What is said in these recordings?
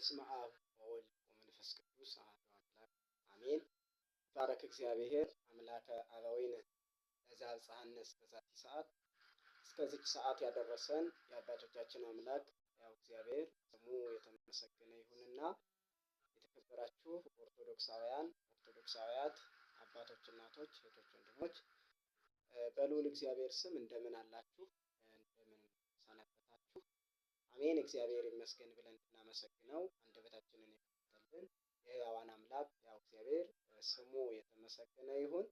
በስመ አብ ወወልድ ወመንፈስ ቅዱስ አሐዱ አምላክ አሜን። ይትባረክ እግዚአብሔር አምላከ አበዊነ ለዘአብጽሐነ እስከዛቲ ሰዓት፣ እስከዚች ሰዓት ያደረሰን የአባቶቻችን አምላክ ያው እግዚአብሔር ስሙ የተመሰገነ ይሁንና የተከበራችሁ ኦርቶዶክሳውያን ኦርቶዶክሳውያት አባቶች፣ እናቶች፣ እህቶች፣ ወንድሞች በልዑል እግዚአብሔር ስም እንደምን አላችሁ? ስለሰጠን እግዚአብሔር ይመስገን ብለን እናመሰግነው አንደበታችንን የከፈተልን የሕያዋን አምላክ ያው እግዚአብሔር ስሙ የተመሰገነ ይሁን።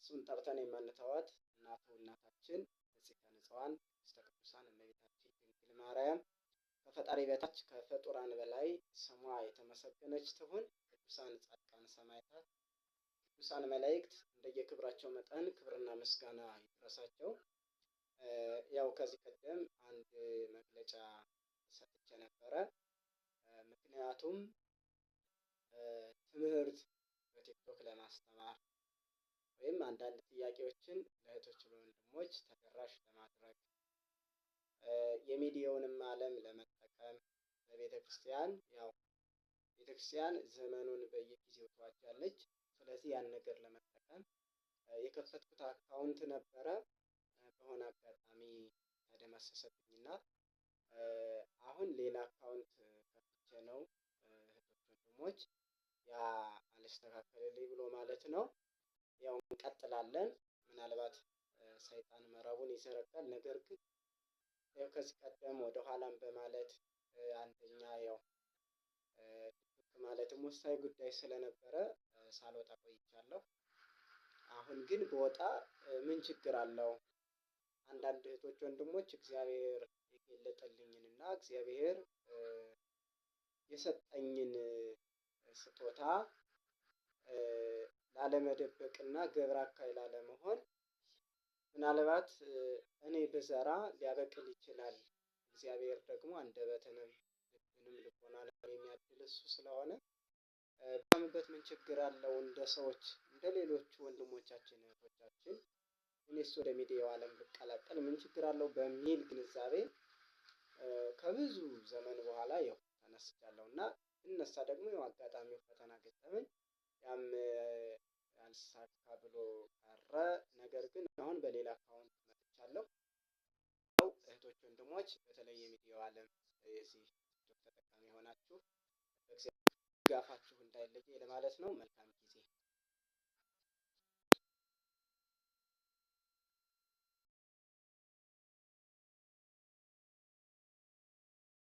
እሱን ጠርተን የማንተዋት እናቱ እናታችን ንጽሕተ ንጹሐን ቅዱሳን እመቤታችን ድንግል ማርያም ከፈጣሪ በታች ከፍጡራን በላይ ስሟ የተመሰገነች ትሁን። ቅዱሳን ጻድቃን ሰማዕታት፣ ቅዱሳን መላእክት እንደየክብራቸው መጠን ክብርና ምስጋና ይድረሳቸው። ያው ከዚህ ቀደም አንድ መግለጫ ሰጥቼ ነበረ። ምክንያቱም ትምህርት በቲክቶክ ለማስተማር ወይም አንዳንድ ጥያቄዎችን ለእህቶች ለወንድሞች ተደራሽ ለማድረግ የሚዲያውንም ዓለም ለመጠቀም በቤተ ክርስቲያን ያው ቤተ ክርስቲያን ዘመኑን በየጊዜው ትዋጃለች። ስለዚህ ያን ነገር ለመጠቀም የከፈትኩት አካውንት ነበረ። በሆነ አጋጣሚ ተደመሰሰብኝና አሁን ሌላ አካውንት ከፍቼ ነው እህቶች ወንድሞች፣ ያ አልስተካከልልኝ ብሎ ማለት ነው። ያው እንቀጥላለን። ምናልባት ሰይጣን መረቡን ይዘረጋል። ነገር ግን ያው ከዚህ ቀደም ወደኋላም በማለት አንደኛ ያው ማለትም ወሳኝ ጉዳይ ስለነበረ ሳልወጣ ቆይቻለሁ። አሁን ግን በወጣ ምን ችግር አለው? አንዳንድ እህቶች ወንድሞች እግዚአብሔር የገለጠልኝን እና እግዚአብሔር የሰጠኝን ስጦታ ላለመደበቅ እና አካይ ላለመሆን ምናልባት እኔ ብዘራ ሊያበቅል ይችላል። እግዚአብሔር ደግሞ አንደበትንም ልብንም ልቦናንም የሚያድል እሱ ስለሆነ ባምበት ምን ችግር አለው? እንደ ሰዎች እንደ ሌሎቹ ወንድሞቻችን እህቶቻችን እኔስ ወደ ሚዲያው ዓለም ብቀላቀል ምን ችግር አለው በሚል ግንዛቤ ከብዙ ዘመን በኋላ ያው ተነስቻለሁ እና እነሳ ደግሞ ያው አጋጣሚው ፈተና ገጠመኝ። ያም አልሳካ ብሎ ቀረ። ነገር ግን አሁን በሌላ አካውንት መጥቻለሁ። ያው እህቶች ወንድሞች፣ በተለይ የሚዲያው ዓለም የዚህ ተጠቃሚ የሆናችሁ ድጋፋችሁ እንዳይለየ ለማለት ነው። መልካም ጊዜ